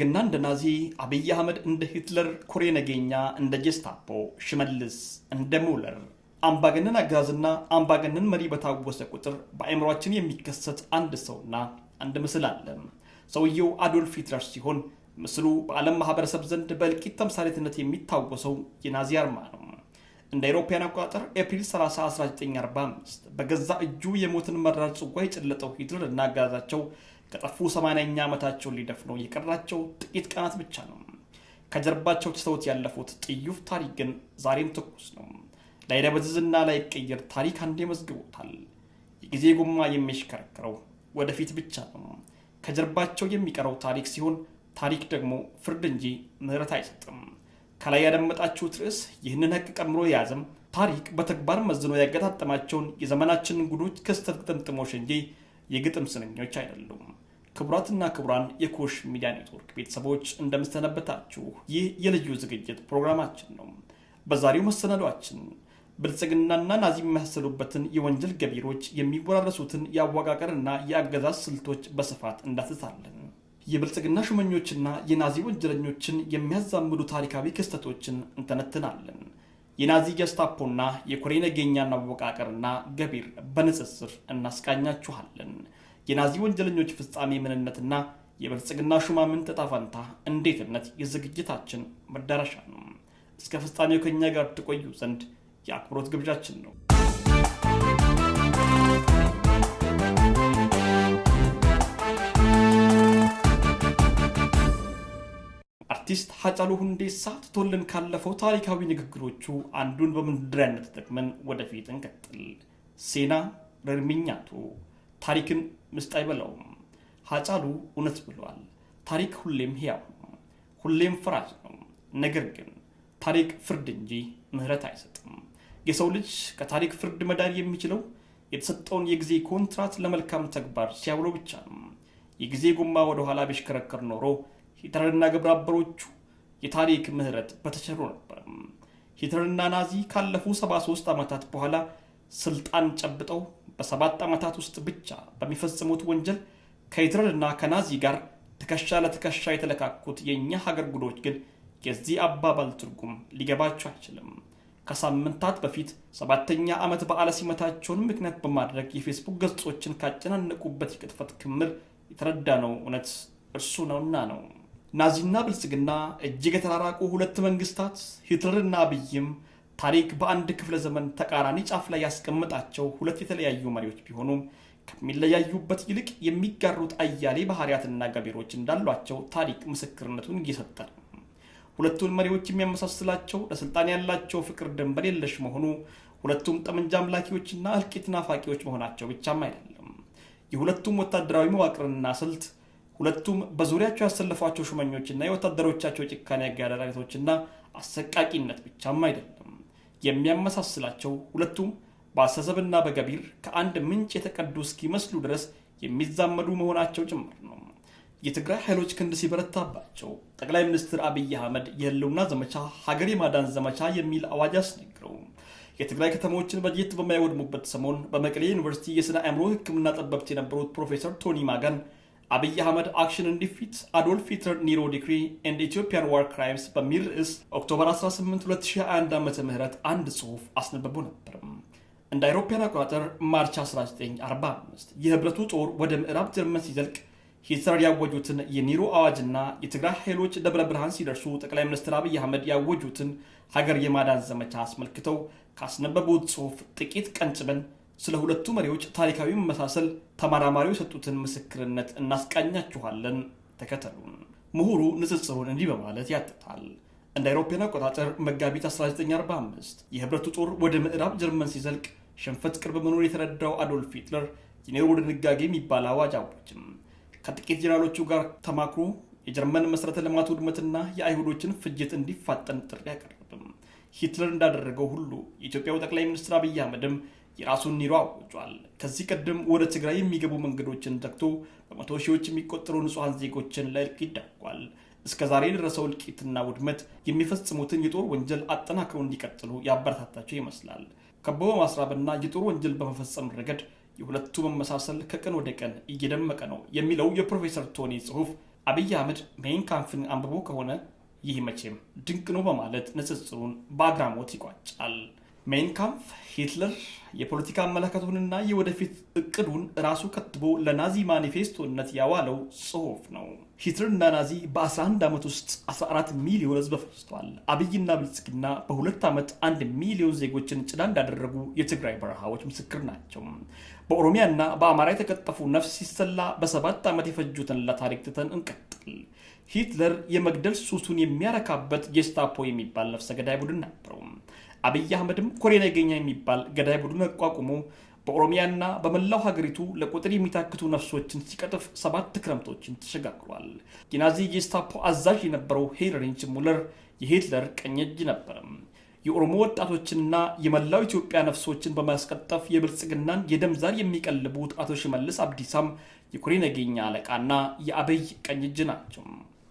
ብልጽግና እንደ ናዚ፣ አብይ አህመድ እንደ ሂትለር፣ ኩሬ ነገኛ እንደ ጀስታፖ፣ ሽመልስ እንደ ሙለር አምባገነን አገዛዝና አምባገነን መሪ በታወሰ ቁጥር በአእምሯችን የሚከሰት አንድ ሰውና አንድ ምስል አለ። ሰውየው አዶልፍ ሂትለር ሲሆን ምስሉ በዓለም ማህበረሰብ ዘንድ በእልቂት ተምሳሌትነት የሚታወሰው የናዚ አርማ ነው። እንደ አውሮፓውያን አቆጣጠር ኤፕሪል 30 1945 በገዛ እጁ የሞትን መራር ጽዋ የጨለጠው ሂትለር እና አገዛዛቸው ከጠፉ 80ኛ ዓመታቸውን ሊደፍኑ የቀራቸው ጥቂት ቀናት ብቻ ነው። ከጀርባቸው ትተውት ያለፉት ጥዩፍ ታሪክ ግን ዛሬም ትኩስ ነው። ላይደበዝዝና ላይቀየር ታሪክ አንዴ መዝግቦታል። የጊዜ ጎማ የሚሽከረክረው ወደፊት ብቻ ነው። ከጀርባቸው የሚቀረው ታሪክ ሲሆን፣ ታሪክ ደግሞ ፍርድ እንጂ ምህረት አይሰጥም። ከላይ ያደመጣችሁት ርዕስ ይህንን ሀቅ ቀምሮ የያዘም ታሪክ በተግባር መዝኖ ያገጣጠማቸውን የዘመናችንን ጉዶች ክስተት ግጥምጥሞሽ እንጂ የግጥም ስንኞች አይደሉም። ክቡራትና ክቡራን የኮሽ ሚዲያ ኔትወርክ ቤተሰቦች እንደምሰነበታችሁ፣ ይህ የልዩ ዝግጅት ፕሮግራማችን ነው። በዛሬው መሰናዷችን ብልጽግናና ናዚ የሚመሳሰሉበትን የወንጀል ገቢሮች የሚወራረሱትን የአወቃቀርና የአገዛዝ ስልቶች በስፋት እንዳስሳለን። የብልጽግና ሹመኞችና የናዚ ወንጀለኞችን የሚያዛምዱ ታሪካዊ ክስተቶችን እንተነትናለን። የናዚ ጀስታፖና የኮሬ ነገኛን አወቃቀርና ገቢር በንጽጽር እናስቃኛችኋለን። የናዚ ወንጀለኞች ፍጻሜ ምንነትና የብልጽግና ሹማምንት ዕጣ ፈንታ እንዴትነት የዝግጅታችን መዳረሻ ነው። እስከ ፍጻሜው ከኛ ጋር ትቆዩ ዘንድ የአክብሮት ግብዣችን ነው። አርቲስት ሀጫሉ ሁንዴሳ ትቶልን ካለፈው ታሪካዊ ንግግሮቹ አንዱን በመንደርደሪያነት ተጠቅመን ወደፊት እንቀጥል። ሴና ረርሚኛቱ ታሪክን ምስጥ አይበላውም። ሀጫሉ እውነት ብለዋል። ታሪክ ሁሌም ሕያው ነው፣ ሁሌም ፍራጅ ነው። ነገር ግን ታሪክ ፍርድ እንጂ ምህረት አይሰጥም። የሰው ልጅ ከታሪክ ፍርድ መዳር የሚችለው የተሰጠውን የጊዜ ኮንትራት ለመልካም ተግባር ሲያውለው ብቻ ነው። የጊዜ ጎማ ወደኋላ ቢሽከረከር ኖሮ ሂትለርና ግብረአበሮቹ የታሪክ ምህረት በተቸሩ ነበር። ሂትለርና ናዚ ካለፉ 73 ዓመታት በኋላ ስልጣን ጨብጠው በሰባት ዓመታት ውስጥ ብቻ በሚፈጽሙት ወንጀል ከሂትለርና ከናዚ ጋር ትከሻ ለትከሻ የተለካኩት የእኛ ሀገር ጉዶች ግን የዚህ አባባል ትርጉም ሊገባቸው አይችልም። ከሳምንታት በፊት ሰባተኛ ዓመት በዓለ ሲመታቸውን ምክንያት በማድረግ የፌስቡክ ገጾችን ካጨናነቁበት የቅጥፈት ክምር የተረዳነው እውነት እርሱ ነውና ነው። ናዚና ብልጽግና እጅግ የተራራቁ ሁለት መንግስታት ሂትለርና አብይም ታሪክ በአንድ ክፍለ ዘመን ተቃራኒ ጫፍ ላይ ያስቀመጣቸው ሁለት የተለያዩ መሪዎች ቢሆኑም ከሚለያዩበት ይልቅ የሚጋሩት አያሌ ባህሪያትና ገቢሮች እንዳሏቸው ታሪክ ምስክርነቱን እየሰጠ ነው። ሁለቱን መሪዎች የሚያመሳስላቸው ለስልጣን ያላቸው ፍቅር ድንበር የለሽ መሆኑ፣ ሁለቱም ጠመንጃ አምላኪዎችና እልቂት ናፋቂዎች መሆናቸው ብቻም አይደለም። የሁለቱም ወታደራዊ መዋቅርና ስልት ሁለቱም በዙሪያቸው ያሰለፏቸው ሹመኞችና የወታደሮቻቸው ጭካኔ አጋዳዳሪቶችና አሰቃቂነት ብቻም አይደለም። የሚያመሳስላቸው ሁለቱም በአሰሰብና በገቢር ከአንድ ምንጭ የተቀዱ እስኪመስሉ ድረስ የሚዛመዱ መሆናቸው ጭምር ነው። የትግራይ ኃይሎች ክንድ ሲበረታባቸው ጠቅላይ ሚኒስትር አብይ አህመድ የህልውና ዘመቻ ሀገር የማዳን ዘመቻ የሚል አዋጅ አስነግረው የትግራይ ከተሞችን በጀት በማይወድሙበት ሰሞን በመቀሌ ዩኒቨርሲቲ የስነ አእምሮ ህክምና ጠበብት የነበሩት ፕሮፌሰር ቶኒ ማጋን አብይ አህመድ አክሽን እንዲፊት አዶልፍ ሂትለር ኒሮ ዲክሪ ኤንድ ኢትዮጵያን ዋር ክራይምስ በሚል ርዕስ ኦክቶበር 18 2021 ዓ ም አንድ ጽሑፍ አስነበቡ ነበር። እንደ አውሮፓውያን አቆጣጠር ማርች 1945 የህብረቱ ጦር ወደ ምዕራብ ጀርመን ሲዘልቅ ሂትለር ያወጁትን የኒሮ አዋጅና የትግራይ ኃይሎች ደብረ ብርሃን ሲደርሱ ጠቅላይ ሚኒስትር አብይ አህመድ ያወጁትን ሀገር የማዳን ዘመቻ አስመልክተው ካስነበቡት ጽሑፍ ጥቂት ቀንጭበን ስለ ሁለቱ መሪዎች ታሪካዊ መመሳሰል ተመራማሪው የሰጡትን ምስክርነት እናስቃኛችኋለን። ተከተሉን። ምሁሩ ንጽጽሩን እንዲህ በማለት ያትታል። እንደ አውሮፓውያን አቆጣጠር መጋቢት 1945 የህብረቱ ጦር ወደ ምዕራብ ጀርመን ሲዘልቅ ሽንፈት ቅርብ መኖር የተረዳው አዶልፍ ሂትለር የኔሮ ድንጋጌ የሚባል አዋጅ አወጅም። ከጥቂት ጀኔራሎቹ ጋር ተማክሮ የጀርመን መሠረተ ልማት ውድመትና የአይሁዶችን ፍጅት እንዲፋጠን ጥሪ አቀረብም። ሂትለር እንዳደረገው ሁሉ የኢትዮጵያው ጠቅላይ ሚኒስትር አብይ አህመድም የራሱን ኒሮ አውጇል። ከዚህ ቀደም ወደ ትግራይ የሚገቡ መንገዶችን ዘግቶ በመቶ ሺዎች የሚቆጠሩ ንጹሐን ዜጎችን ለእልቂት ዳርጓል። እስከ ዛሬ የደረሰው እልቂትና ውድመት የሚፈጽሙትን የጦር ወንጀል አጠናክረው እንዲቀጥሉ ያበረታታቸው ይመስላል። ከቦ በማስራብና የጦር ወንጀል በመፈጸም ረገድ የሁለቱ መመሳሰል ከቀን ወደ ቀን እየደመቀ ነው የሚለው የፕሮፌሰር ቶኒ ጽሑፍ አብይ አህመድ ሜይን ካምፍን አንብቦ ከሆነ ይህ መቼም ድንቅ ነው በማለት ንጽጽሩን በአግራሞት ይቋጫል። ካምፍ ሂትለር የፖለቲካ አመለካከቱንና የወደፊት እቅዱን ራሱ ከትቦ ለናዚ ማኒፌስቶነት ያዋለው ጽሑፍ ነው። ሂትለርና ናዚ በ11 ዓመት ውስጥ 14 ሚሊዮን ህዝብ ፈጅቷል። አብይና ብልጽግና በሁለት ዓመት አንድ ሚሊዮን ዜጎችን ጭዳ እንዳደረጉ የትግራይ በረሃዎች ምስክር ናቸው። በኦሮሚያና በአማራ የተቀጠፉ ነፍስ ሲሰላ በሰባት ዓመት የፈጁትን ለታሪክ ትተን እንቀጥል። ሂትለር የመግደል ሱሱን የሚያረካበት ጌስታፖ የሚባል ነፍሰ ገዳይ ቡድን ነበረው። አብይ አህመድም ኮሬ ነገኛ የሚባል ገዳይ ቡድን አቋቁሞ በኦሮሚያና በመላው ሀገሪቱ ለቁጥር የሚታክቱ ነፍሶችን ሲቀጥፍ ሰባት ክረምቶችን ተሸጋግሯል። የናዚ ጌስታፖ አዛዥ የነበረው ሄይንሪች ሙለር የሂትለር ቀኝ እጅ ነበርም። የኦሮሞ ወጣቶችንና የመላው ኢትዮጵያ ነፍሶችን በማስቀጠፍ የብልጽግናን የደም ዛር የሚቀልቡት አቶ ሽመልስ አብዲሳም የኩሬ ነገኛ አለቃና የአብይ ቀኝ እጅ ናቸው።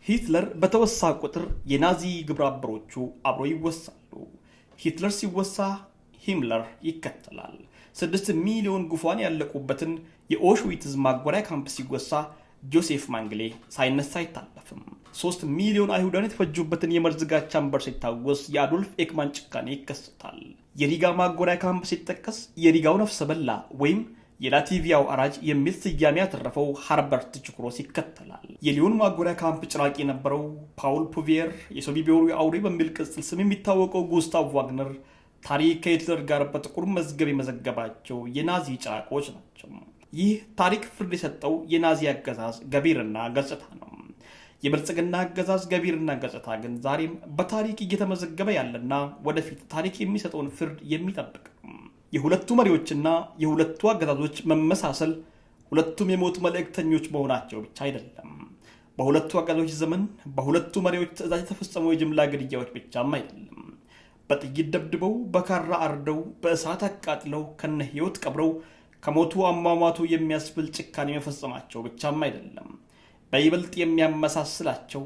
ሂትለር በተወሳ ቁጥር የናዚ ግብረ አበሮቹ አብሮ ይወሳል። ሂትለር ሲወሳ ሂምለር ይከተላል። ስድስት ሚሊዮን ጉፏን ያለቁበትን የኦሽዊትዝ ማጎሪያ ካምፕ ሲወሳ ጆሴፍ ማንግሌ ሳይነሳ አይታለፍም። ሶስት ሚሊዮን አይሁዳን የተፈጁበትን የመርዝ ጋዝ ቻምበር ሲታወስ የአዶልፍ ኤክማን ጭካኔ ይከሰታል። የሪጋ ማጎሪያ ካምፕ ሲጠቀስ የሪጋው ነፍሰ በላ ወይም የላቲቪያው አራጅ የሚል ስያሜ ያተረፈው ሃርበርት ችኩሮስ ይከተላል። የሊዮን ማጎሪያ ካምፕ ጭራቅ የነበረው ፓውል ፑቪየር፣ የሶቢቤሩ አውሬ በሚል ቅጽል ስም የሚታወቀው ጉስታቭ ዋግነር ታሪክ ከሂትለር ጋር በጥቁር መዝገብ የመዘገባቸው የናዚ ጭራቆች ናቸው። ይህ ታሪክ ፍርድ የሰጠው የናዚ አገዛዝ ገቢርና ገጽታ ነው። የብልጽግና አገዛዝ ገቢርና ገጽታ ግን ዛሬም በታሪክ እየተመዘገበ ያለና ወደፊት ታሪክ የሚሰጠውን ፍርድ የሚጠብቅ የሁለቱ መሪዎችና የሁለቱ አገዛዞች መመሳሰል ሁለቱም የሞት መልእክተኞች መሆናቸው ብቻ አይደለም። በሁለቱ አገዛዞች ዘመን በሁለቱ መሪዎች ትእዛዝ የተፈጸመው የጅምላ ግድያዎች ብቻም አይደለም። በጥይት ደብድበው፣ በካራ አርደው፣ በእሳት አቃጥለው፣ ከነ ህይወት ቀብረው ከሞቱ አሟሟቱ የሚያስብል ጭካኔ መፈጸማቸው ብቻም አይደለም። በይበልጥ የሚያመሳስላቸው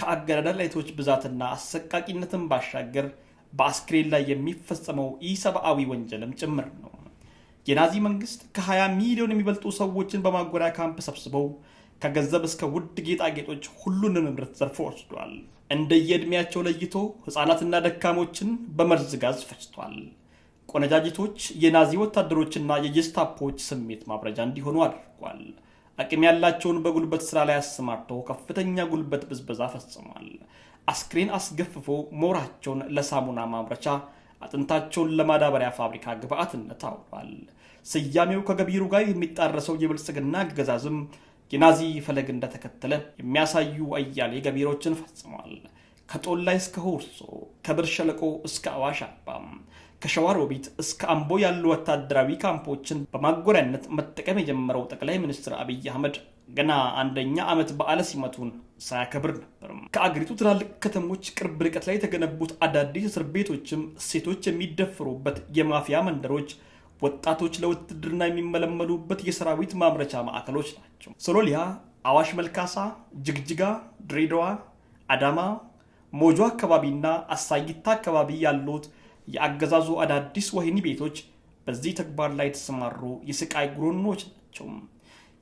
ከአገዳደል አይነቶች ብዛትና አሰቃቂነትን ባሻገር በአስክሬን ላይ የሚፈጸመው ኢሰብአዊ ወንጀልም ጭምር ነው። የናዚ መንግስት ከ20 ሚሊዮን የሚበልጡ ሰዎችን በማጎሪያ ካምፕ ሰብስበው ከገንዘብ እስከ ውድ ጌጣጌጦች ሁሉንም ንብረት ዘርፎ ወስዷል። እንደየዕድሜያቸው ለይቶ ሕፃናትና ደካሞችን በመርዝ ጋዝ ፈጅቷል። ቆነጃጅቶች የናዚ ወታደሮችና የጀስታፖች ስሜት ማብረጃ እንዲሆኑ አድርጓል። አቅም ያላቸውን በጉልበት ስራ ላይ አሰማርተው ከፍተኛ ጉልበት ብዝበዛ ፈጽሟል። አስክሬን አስገፍፎ ሞራቸውን ለሳሙና ማምረቻ አጥንታቸውን ለማዳበሪያ ፋብሪካ ግብአትነት አውሏል። ስያሜው ከገቢሩ ጋር የሚጣረሰው የብልጽግና አገዛዝም የናዚ ፈለግ እንደተከተለ የሚያሳዩ አያሌ ገቢሮችን ፈጽሟል። ከጦላይ ላይ እስከ ሁርሶ፣ ከብር ሸለቆ እስከ አዋሽ አባም፣ ከሸዋሮቢት እስከ አምቦ ያሉ ወታደራዊ ካምፖችን በማጎሪያነት መጠቀም የጀመረው ጠቅላይ ሚኒስትር አብይ አህመድ ገና አንደኛ ዓመት በዓለ ሲመቱን ሳያከብር ነበር። ከአገሪቱ ትላልቅ ከተሞች ቅርብ ርቀት ላይ የተገነቡት አዳዲስ እስር ቤቶችም ሴቶች የሚደፈሩበት የማፊያ መንደሮች፣ ወጣቶች ለውትድርና የሚመለመሉበት የሰራዊት ማምረቻ ማዕከሎች ናቸው። ሶሎሊያ፣ አዋሽ መልካሳ፣ ጅግጅጋ፣ ድሬዳዋ፣ አዳማ፣ ሞጆ አካባቢና አሳይታ አካባቢ ያሉት የአገዛዙ አዳዲስ ወህኒ ቤቶች በዚህ ተግባር ላይ የተሰማሩ የስቃይ ጉሮኖች ናቸው።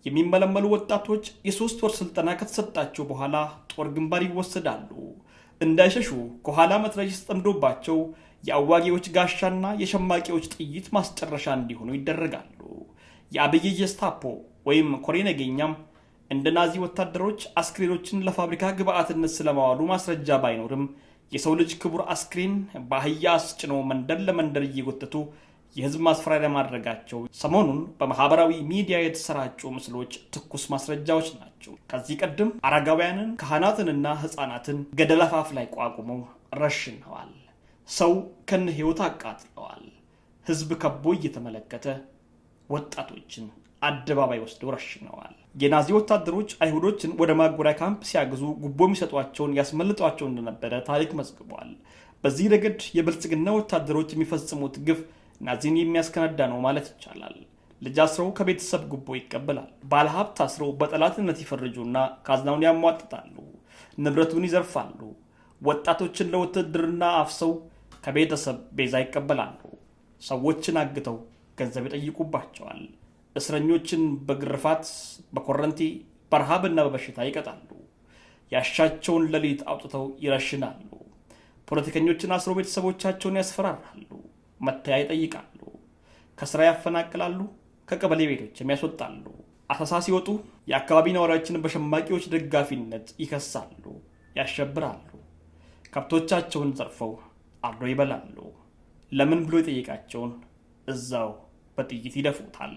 የሚመለመሉ ወጣቶች የሶስት ወር ስልጠና ከተሰጣቸው በኋላ ጦር ግንባር ይወሰዳሉ። እንዳይሸሹ ከኋላ መትረየስ ተጠምዶባቸው የአዋጊዎች ጋሻና የሸማቂዎች ጥይት ማስጨረሻ እንዲሆኑ ይደረጋሉ። የአብይ ጀስታፖ ወይም ኮሬ ገኛም እንደ ናዚ ወታደሮች አስክሬኖችን ለፋብሪካ ግብአትነት ስለማዋሉ ማስረጃ ባይኖርም የሰው ልጅ ክቡር አስክሬን በአህያ አስጭኖ መንደር ለመንደር እየጎተቱ የህዝብ ማስፈራሪያ ማድረጋቸው ሰሞኑን በማህበራዊ ሚዲያ የተሰራጩ ምስሎች ትኩስ ማስረጃዎች ናቸው። ከዚህ ቀደም አረጋውያንን፣ ካህናትንና ህፃናትን ገደል አፋፍ ላይ ቋቁመው ረሽነዋል። ሰው ከነ ህይወት አቃጥለዋል። ህዝብ ከቦ እየተመለከተ ወጣቶችን አደባባይ ወስደው ረሽነዋል። የናዚ ወታደሮች አይሁዶችን ወደ ማጎሪያ ካምፕ ሲያግዙ ጉቦ የሚሰጧቸውን ያስመልጧቸው እንደነበረ ታሪክ መዝግቧል። በዚህ ረገድ የብልጽግና ወታደሮች የሚፈጽሙት ግፍ ናዚን የሚያስከነዳ ነው ማለት ይቻላል። ልጅ አስረው ከቤተሰብ ጉቦ ይቀበላል። ባለሀብት አስረው በጠላትነት ይፈርጁና ካዝናውን ያሟጥጣሉ፣ ንብረቱን ይዘርፋሉ። ወጣቶችን ለውትድርና አፍሰው ከቤተሰብ ቤዛ ይቀበላሉ። ሰዎችን አግተው ገንዘብ ይጠይቁባቸዋል። እስረኞችን በግርፋት በኮረንቲ በረሃብና በበሽታ ይቀጣሉ። ያሻቸውን ሌሊት አውጥተው ይረሽናሉ። ፖለቲከኞችን አስረው ቤተሰቦቻቸውን ያስፈራራሉ። መተያ ይጠይቃሉ፣ ከስራ ያፈናቅላሉ፣ ከቀበሌ ቤቶችም ያስወጣሉ። አሳሳ ሲወጡ የአካባቢ ነዋሪዎችን በሸማቂዎች ደጋፊነት ይከሳሉ፣ ያሸብራሉ። ከብቶቻቸውን ዘርፈው አርዶ ይበላሉ። ለምን ብሎ የጠየቃቸውን እዛው በጥይት ይደፉታል።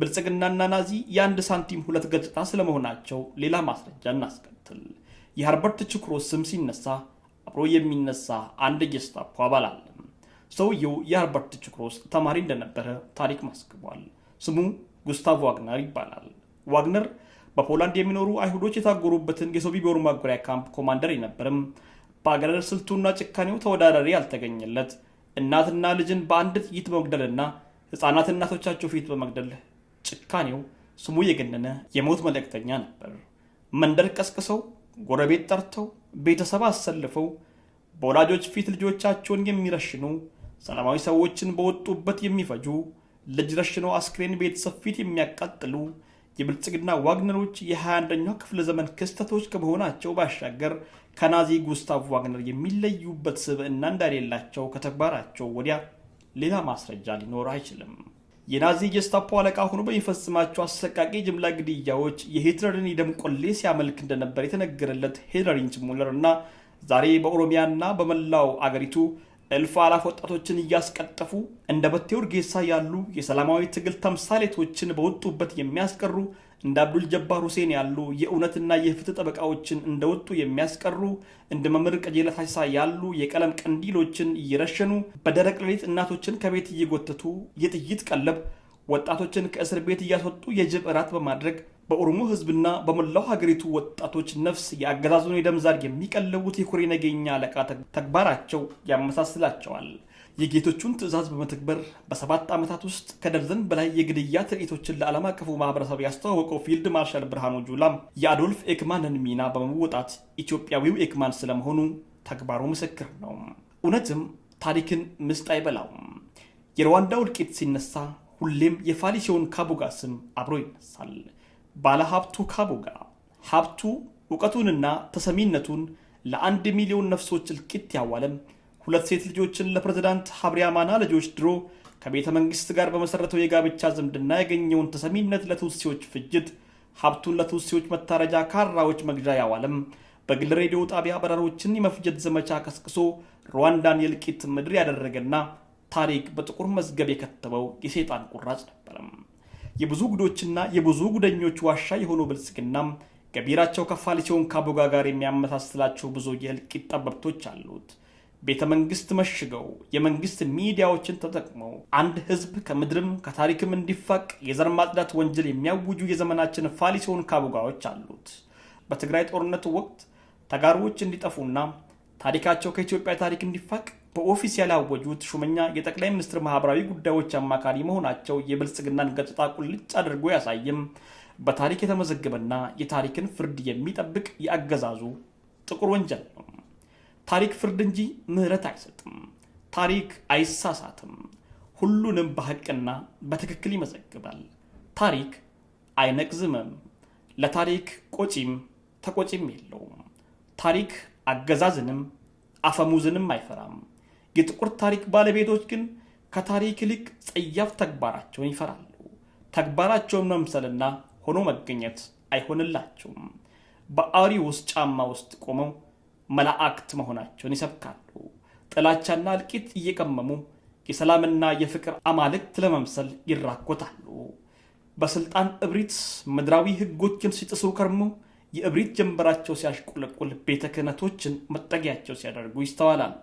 ብልጽግናና ናዚ የአንድ ሳንቲም ሁለት ገጽታ ስለመሆናቸው ሌላ ማስረጃ እናስከትል። የሀርበርት ችኩሮ ስም ሲነሳ አብሮ የሚነሳ አንድ የጌስታፖ አባል አለ። ሰውየው የሃርቫርድ ችክሮስ ተማሪ እንደነበረ ታሪክ ማስገቧል። ስሙ ጉስታቭ ዋግነር ይባላል። ዋግነር በፖላንድ የሚኖሩ አይሁዶች የታጎሩበትን የሶቢቦር ማጎሪያ ካምፕ ኮማንደር የነበርም፣ በአገረር ስልቱና ጭካኔው ተወዳዳሪ ያልተገኘለት እናትና ልጅን በአንድ ጥይት በመግደልና ሕፃናት እናቶቻቸው ፊት በመግደል ጭካኔው ስሙ የገነነ የሞት መልእክተኛ ነበር። መንደር ቀስቅሰው፣ ጎረቤት ጠርተው፣ ቤተሰብ አሰልፈው በወላጆች ፊት ልጆቻቸውን የሚረሽኑ ሰላማዊ ሰዎችን በወጡበት የሚፈጁ ልጅ ረሽነው አስክሬን ቤተሰብ ፊት የሚያቃጥሉ የብልጽግና ዋግነሮች የ21ኛው ክፍለ ዘመን ክስተቶች ከመሆናቸው ባሻገር ከናዚ ጉስታቭ ዋግነር የሚለዩበት ስብዕና እንደሌላቸው ከተግባራቸው ወዲያ ሌላ ማስረጃ ሊኖር አይችልም። የናዚ ጀስታፖ አለቃ ሆኖ በሚፈጽማቸው አሰቃቂ ጅምላ ግድያዎች የሂትለርን የደም ቆሌ ሲያመልክ እንደነበር የተነገረለት ሄንሪች ሙለር እና ዛሬ በኦሮሚያና በመላው አገሪቱ እልፍ አላፍ ወጣቶችን እያስቀጠፉ እንደ በቴ ኡርጌሳ ያሉ የሰላማዊ ትግል ተምሳሌቶችን በወጡበት የሚያስቀሩ እንደ አብዱል ጀባር ሁሴን ያሉ የእውነትና የፍትህ ጠበቃዎችን እንደወጡ የሚያስቀሩ እንደ መምህር ቀጀለ ታሲሳ ያሉ የቀለም ቀንዲሎችን እየረሸኑ በደረቅ ሌሊት እናቶችን ከቤት እየጎተቱ የጥይት ቀለብ ወጣቶችን ከእስር ቤት እያስወጡ የጅብ እራት በማድረግ በኦሮሞ ህዝብና በመላው ሀገሪቱ ወጣቶች ነፍስ የአገዛዙን የደም ዛር የሚቀልቡት የኩሬ ነገኛ አለቃ ተግባራቸው ያመሳስላቸዋል። የጌቶቹን ትዕዛዝ በመተግበር በሰባት ዓመታት ውስጥ ከደርዘን በላይ የግድያ ትርኢቶችን ለዓለም አቀፉ ማህበረሰብ ያስተዋወቀው ፊልድ ማርሻል ብርሃኑ ጁላም የአዶልፍ ኤክማንን ሚና በመወጣት ኢትዮጵያዊው ኤክማን ስለመሆኑ ተግባሩ ምስክር ነው። እውነትም ታሪክን ምስጥ አይበላውም። የሩዋንዳ ውልቂት ሲነሳ ሁሌም የፋሊሲዮን ካቡጋ ስም አብሮ ይነሳል። ባለሀብቱ ካቡጋ ሀብቱ እውቀቱንና ተሰሚነቱን ለአንድ ሚሊዮን ነፍሶች እልቂት ያዋለም ሁለት ሴት ልጆችን ለፕሬዝዳንት ሀብሪያማና ልጆች ድሮ ከቤተ መንግስት ጋር በመሰረተው የጋብቻ ዝምድና ያገኘውን ተሰሚነት ለትውሴዎች ፍጅት ሀብቱን ለትውሴዎች መታረጃ ካራዎች መግዣ ያዋለም በግል ሬዲዮ ጣቢያ በረሮችን የመፍጀት ዘመቻ ቀስቅሶ ሩዋንዳን የእልቂት ምድር ያደረገና ታሪክ በጥቁር መዝገብ የከተበው የሴጣን ቁራጭ ነበረም። የብዙ ጉዶችና የብዙ ጉደኞች ዋሻ የሆነው ብልጽግና ገቢራቸው ከፋል ሲሆን ከአቦጋ ጋር የሚያመሳስላቸው ብዙ የእልቂት ጠበብቶች አሉት። ቤተ መንግስት መሽገው የመንግስት ሚዲያዎችን ተጠቅመው አንድ ህዝብ ከምድርም ከታሪክም እንዲፋቅ የዘር ማጽዳት ወንጀል የሚያውጁ የዘመናችን ፋሊሲዮን ካቡጋዎች አሉት። በትግራይ ጦርነቱ ወቅት ተጋሮዎች እንዲጠፉና ታሪካቸው ከኢትዮጵያ ታሪክ እንዲፋቅ በኦፊስ ያላወጁት ሹመኛ የጠቅላይ ሚኒስትር ማህበራዊ ጉዳዮች አማካሪ መሆናቸው የብልጽግናን ገጽታ ቁልጭ አድርጎ ያሳይም በታሪክ የተመዘገበና የታሪክን ፍርድ የሚጠብቅ የአገዛዙ ጥቁር ወንጀል ነው። ታሪክ ፍርድ እንጂ ምህረት አይሰጥም። ታሪክ አይሳሳትም። ሁሉንም በሐቅና በትክክል ይመዘግባል። ታሪክ አይነቅዝምም። ለታሪክ ቆጪም ተቆጪም የለውም። ታሪክ አገዛዝንም አፈሙዝንም አይፈራም። የጥቁር ታሪክ ባለቤቶች ግን ከታሪክ ይልቅ ጸያፍ ተግባራቸውን ይፈራሉ። ተግባራቸውን መምሰልና ሆኖ መገኘት አይሆንላቸውም። በአሪዎስ ጫማ ውስጥ ቆመው መላእክት መሆናቸውን ይሰብካሉ። ጥላቻና እልቂት እየቀመሙ የሰላምና የፍቅር አማልክት ለመምሰል ይራኮታሉ። በስልጣን እብሪት ምድራዊ ሕጎችን ሲጥሱ ከርሞ የእብሪት ጀንበራቸው ሲያሽቆለቁል ቤተ ክህነቶችን መጠጊያቸው ሲያደርጉ ይስተዋላሉ።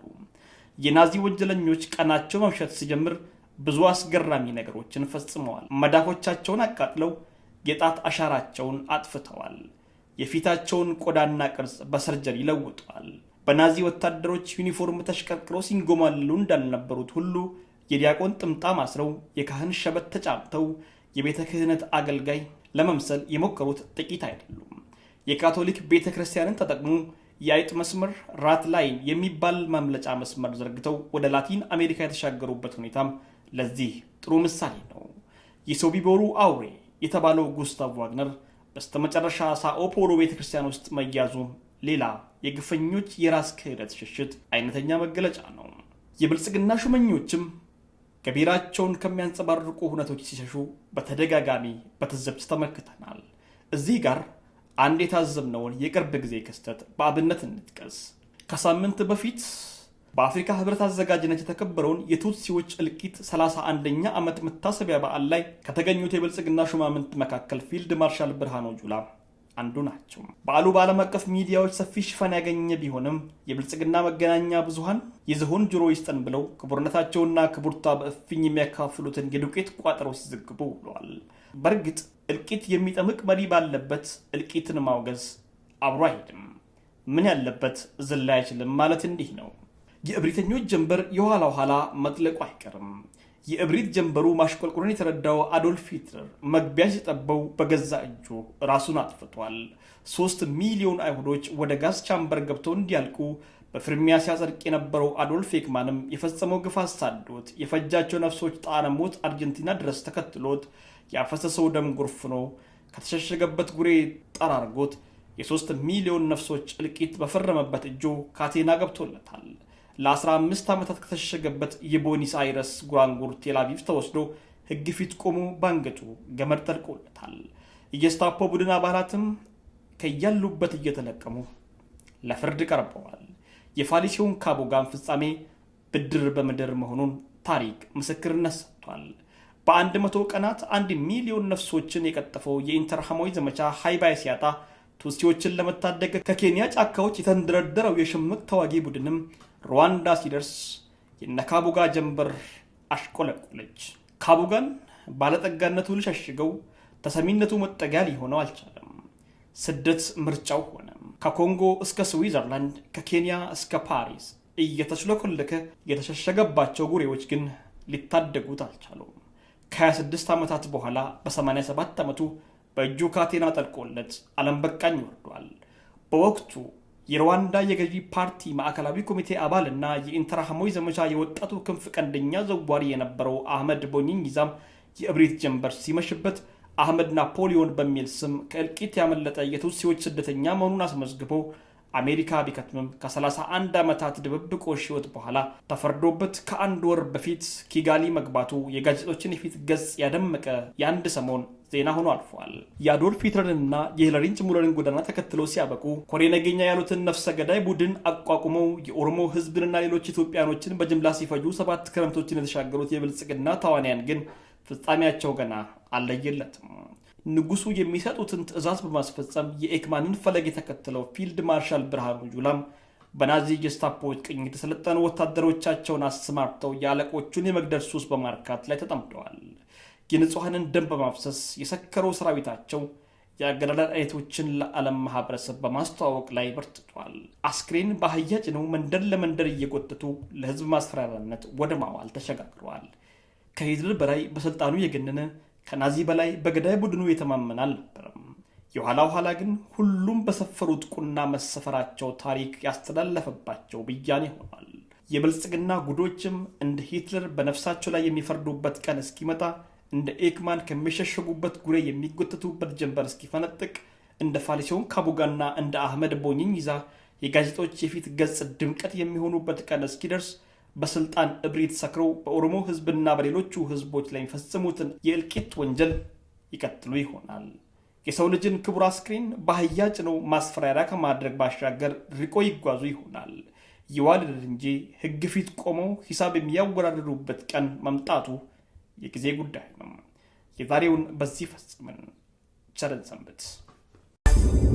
የናዚ ወንጀለኞች ቀናቸው መምሸት ሲጀምር ብዙ አስገራሚ ነገሮችን ፈጽመዋል። መዳፎቻቸውን አቃጥለው የጣት አሻራቸውን አጥፍተዋል። የፊታቸውን ቆዳና ቅርጽ በሰርጀሪ ለውጠዋል። በናዚ ወታደሮች ዩኒፎርም ተሽቀርቅረው ሲንጎማልሉ እንዳልነበሩት ሁሉ የዲያቆን ጥምጣም አስረው የካህን ሸበት ተጫምተው የቤተ ክህነት አገልጋይ ለመምሰል የሞከሩት ጥቂት አይደሉም። የካቶሊክ ቤተ ክርስቲያንን ተጠቅሞ የአይጥ መስመር ራት ላይን የሚባል ማምለጫ መስመር ዘርግተው ወደ ላቲን አሜሪካ የተሻገሩበት ሁኔታም ለዚህ ጥሩ ምሳሌ ነው። የሰው አውሬ የተባለው ጉስታቭ ዋግነር በስተመጨረሻ ሳኦፖሎ ፖሎ ቤተ ክርስቲያን ውስጥ መያዙ ሌላ የግፈኞች የራስ ክህደት ሽሽት አይነተኛ መገለጫ ነው። የብልጽግና ሹመኞችም ገቢራቸውን ከሚያንጸባርቁ ሁነቶች ሲሸሹ በተደጋጋሚ በትዝብት ተመልክተናል። እዚህ ጋር አንድ የታዘብነውን የቅርብ ጊዜ ክስተት በአብነት እንጥቀስ። ከሳምንት በፊት በአፍሪካ ህብረት አዘጋጅነት የተከበረውን የቱትሲዎች እልቂት 31ኛ ዓመት መታሰቢያ በዓል ላይ ከተገኙት የብልጽግና ሹማምንት መካከል ፊልድ ማርሻል ብርሃኑ ጁላ አንዱ ናቸው። በዓሉ በዓለም አቀፍ ሚዲያዎች ሰፊ ሽፋን ያገኘ ቢሆንም የብልጽግና መገናኛ ብዙሃን የዝሆን ጆሮ ይስጠን ብለው ክቡርነታቸውና ክቡርታ በእፍኝ የሚያካፍሉትን የዱቄት ቋጠሮ ሲዘግቡ ውለዋል። በእርግጥ እልቂት የሚጠምቅ መሪ ባለበት እልቂትን ማውገዝ አብሮ አይሄድም። ምን ያለበት ዝላ አይችልም ማለት እንዲህ ነው። የእብሪተኞች ጀንበር የኋላ ኋላ መጥለቁ አይቀርም። የእብሪት ጀንበሩ ማሽቆልቆሉን የተረዳው አዶልፍ ሂትለር መግቢያ ሲጠበው በገዛ እጁ ራሱን አጥፍቷል። ሶስት ሚሊዮን አይሁዶች ወደ ጋዝ ቻምበር ገብተው እንዲያልቁ በፍርሚያ ሲያጸድቅ የነበረው አዶልፍ ሄክማንም የፈጸመው ግፍ አሳዶት የፈጃቸው ነፍሶች ጣነሞት ሞት አርጀንቲና ድረስ ተከትሎት ያፈሰሰው ደም ጎርፍ ነው ከተሸሸገበት ጉሬ ጠራርጎት የሶስት ሚሊዮን ነፍሶች እልቂት በፈረመበት እጁ ካቴና ገብቶለታል። ለ15 ዓመታት ከተሸሸገበት የቦኒስ አይረስ ጉራንጉር ቴላቪቭ ተወስዶ ሕግ ፊት ቆሞ ባንገቱ ገመድ ጠልቆለታል። የጌስታፖ ቡድን አባላትም ከያሉበት እየተለቀሙ ለፍርድ ቀርበዋል። የፋሊሲውን ካቦጋን ፍጻሜ ብድር በምድር መሆኑን ታሪክ ምስክርነት ሰጥቷል። በአንድ መቶ ቀናት አንድ ሚሊዮን ነፍሶችን የቀጠፈው የኢንተርሃማዊ ዘመቻ ሃይባይ ሲያጣ ቱሲዎችን ለመታደግ ከኬንያ ጫካዎች የተንደረደረው የሽምቅ ተዋጊ ቡድንም ሩዋንዳ ሲደርስ የነካቡጋ ጀንበር አሽቆለቆለች። ካቡጋን ባለጠጋነቱ ልሸሽገው ተሰሚነቱ መጠጊያ ሊሆነው አልቻለም። ስደት ምርጫው ሆነ። ከኮንጎ እስከ ስዊዘርላንድ፣ ከኬንያ እስከ ፓሪስ እየተሽለኮለከ የተሸሸገባቸው ጉሬዎች ግን ሊታደጉት አልቻሉም። ከ26 ዓመታት በኋላ በ87 ዓመቱ በእጁ ካቴና ጠልቆለት ዓለም በቃኝ ወርዷል። በወቅቱ የሩዋንዳ የገዢ ፓርቲ ማዕከላዊ ኮሚቴ አባል እና የኢንተራሃማዊ ዘመቻ የወጣቱ ክንፍ ቀንደኛ ዘዋሪ የነበረው አህመድ ቦኝንጊዛም የእብሪት ጀንበር ሲመሽበት አህመድ ናፖሊዮን በሚል ስም ከእልቂት ያመለጠ የቱሲዎች ስደተኛ መሆኑን አስመዝግበው አሜሪካ ቢከትምም ከ31 ዓመታት ድብብቆሽ ሕይወት በኋላ ተፈርዶበት ከአንድ ወር በፊት ኪጋሊ መግባቱ የጋዜጦችን የፊት ገጽ ያደመቀ የአንድ ሰሞን ዜና ሆኖ አልፏል። የአዶልፍ ሂትለርንና የሂለሪን ጭሙለርን ጎዳና ተከትሎ ሲያበቁ ኮሬ ነገኛ ያሉትን ነፍሰ ገዳይ ቡድን አቋቁመው የኦሮሞ ህዝብንና ሌሎች ኢትዮጵያኖችን በጅምላ ሲፈጁ ሰባት ክረምቶችን የተሻገሩት የብልጽግና ታዋንያን ግን ፍጻሜያቸው ገና አለየለትም። ንጉሱ የሚሰጡትን ትዕዛዝ በማስፈጸም የኤክማንን ፈለግ የተከተለው ፊልድ ማርሻል ብርሃኑ ጁላም በናዚ ጌስታፖዎች ቅኝ የተሰለጠኑ ወታደሮቻቸውን አሰማርተው የአለቆቹን የመግደል ሱስ በማርካት ላይ ተጠምደዋል። የንጹሐንን ደም በማፍሰስ የሰከረው ሰራዊታቸው የአገዳዳል አይነቶችን ለዓለም ማህበረሰብ በማስተዋወቅ ላይ በርትቷል። አስክሬን በአህያ ጭነው መንደር ለመንደር እየጎተቱ ለህዝብ ማስፈራሪያነት ወደ ማዋል ተሸጋግረዋል። ከሂትለር በላይ በስልጣኑ የገነነ ከናዚ በላይ በገዳይ ቡድኑ የተማመን አልነበረም። የኋላ ኋላ ግን ሁሉም በሰፈሩት ቁና መሰፈራቸው ታሪክ ያስተላለፈባቸው ብያኔ ሆኗል። የብልጽግና ጉዶችም እንደ ሂትለር በነፍሳቸው ላይ የሚፈርዱበት ቀን እስኪመጣ እንደ ኤክማን ከሚሸሸጉበት ጉሬ የሚጎተቱበት ጀንበር እስኪፈነጥቅ እንደ ፋሊሲዮን ካቡጋና እንደ አህመድ ቦኝኝ ይዛ የጋዜጦች የፊት ገጽ ድምቀት የሚሆኑበት ቀን እስኪደርስ በስልጣን እብሪት ሰክረው በኦሮሞ ህዝብና በሌሎቹ ህዝቦች ላይ የሚፈጽሙትን የእልቂት ወንጀል ይቀጥሉ ይሆናል። የሰው ልጅን ክቡር አስክሬን በአህያ ጭነው ማስፈራሪያ ከማድረግ ባሻገር ርቆ ይጓዙ ይሆናል። ይዋልድ እንጂ ህግ ፊት ቆመው ሂሳብ የሚያወራርዱበት ቀን መምጣቱ የጊዜ ጉዳይ ነው። የዛሬውን በዚህ ፈጽምን። ቸርን ሰንብት።